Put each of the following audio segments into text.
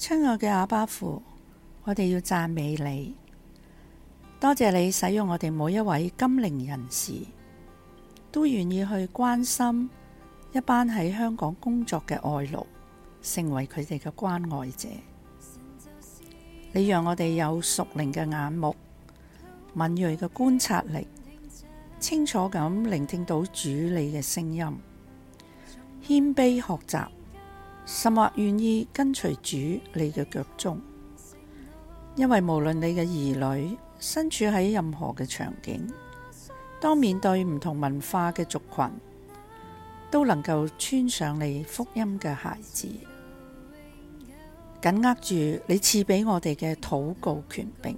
親愛嘅阿爸父，我哋要讚美你，多謝你使用我哋每一位金齡人士，都願意去關心一班喺香港工作嘅外勞，成為佢哋嘅關愛者。你讓我哋有屬靈嘅眼目，敏銳嘅觀察力，清楚咁聆聽到主你嘅聲音，謙卑學習，甚或願意跟隨主你嘅腳蹤，因為無論你嘅兒女身處喺任何嘅場景，當面對唔同文化嘅族群，都能夠穿上你福音嘅鞋子，緊握住你賜俾我哋嘅禱告權柄，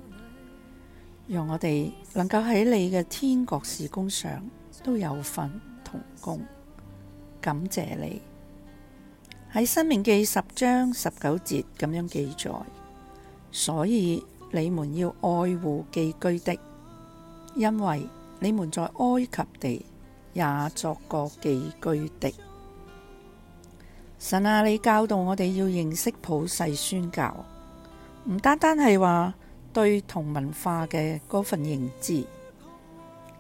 讓我哋能夠喺你嘅天國事工上都有份同工，感謝你。喺《申命記》十章十九節咁樣記載，所以你們要愛護寄居的，因為你們在埃及地也作過寄居的。神啊，你教導我哋要認識普世宣教，唔單單係話對同文化嘅嗰份認知，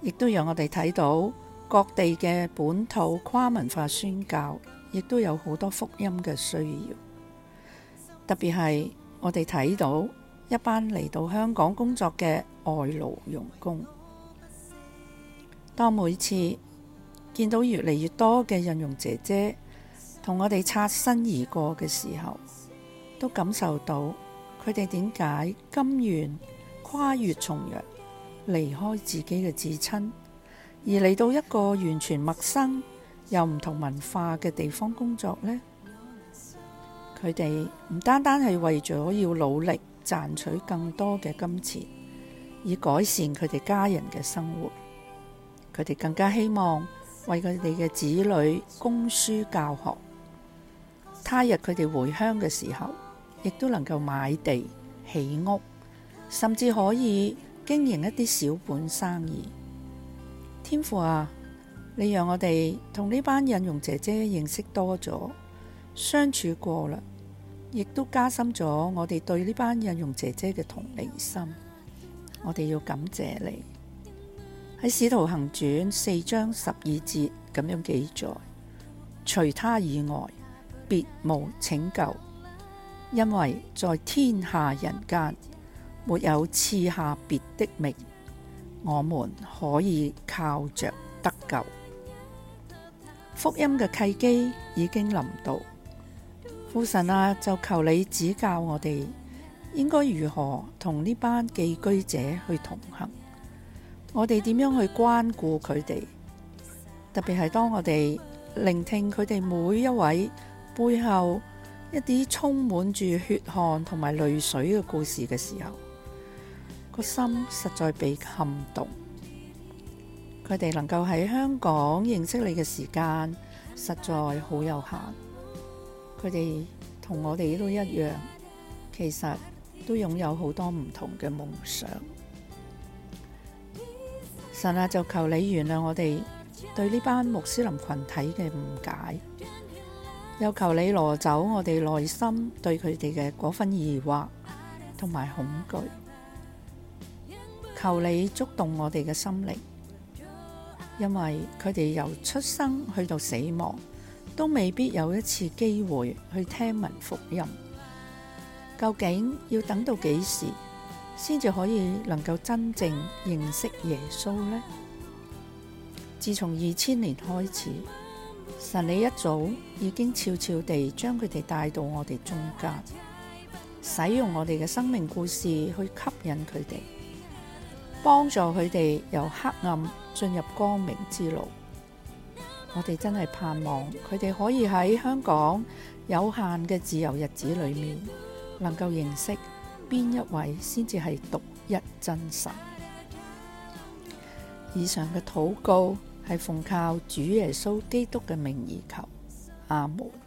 亦都讓我哋睇到各地嘅本土跨文化宣教。亦都有好多福音嘅需要，特別係我哋睇到一班嚟到香港工作嘅外勞傭工。當每次見到越嚟越多嘅印傭姐姐同我哋擦身而過嘅時候，都感受到佢哋點解甘願跨越重洋，離開自己嘅至親，而嚟到一個完全陌生有唔同文化嘅地方工作呢，佢哋唔單單係為咗要努力賺取更多嘅金錢，以改善佢哋家人嘅生活，佢哋更加希望為佢哋嘅子女供書教學，他日佢哋回鄉嘅時候，亦都能夠買地起屋，甚至可以經營一啲小本生意。天父啊！你讓我哋同呢班印傭姐姐認識多咗，相處過嘞，亦都加深咗我哋對呢班印傭姐姐嘅同理心。我哋要感謝你喺《使徒行傳》四章十二節咁樣記載：除他以外，別無拯救。因為在天下人間，沒有賜下別的名，我們可以靠着得救。福音嘅契機已經臨到，父神啊，就求你指教我哋應該如何同呢班寄居者去同行。我哋點樣去關顧佢哋？特別係當我哋聆聽佢哋每一位背後一啲充滿住血汗同埋淚水嘅故事嘅時候，個心實在被撼動。佢哋能夠喺香港認識你嘅時間，實在好有限。佢哋同我哋都一樣，其實都擁有好多唔同嘅夢想。神啊，就求你原諒我哋對呢班穆斯林群體嘅誤解，又求你攞走我哋內心對佢哋嘅嗰份疑惑同埋恐懼，求你觸動我哋嘅心靈。因為佢哋由出生去到死亡，都未必有一次機會去聽聞福音。究竟要等到幾時，先至可以能夠真正認識耶穌呢？自從二千年開始，神你一早已經悄悄地將佢哋帶到我哋中間，使用我哋嘅生命故事去吸引佢哋。幫助佢哋由黑暗進入光明之路，我哋真係盼望佢哋可以喺香港有限嘅自由日子裏面，能夠認識邊一位先至係獨一真神。以上嘅禱告係奉靠主耶穌基督嘅名而求阿門。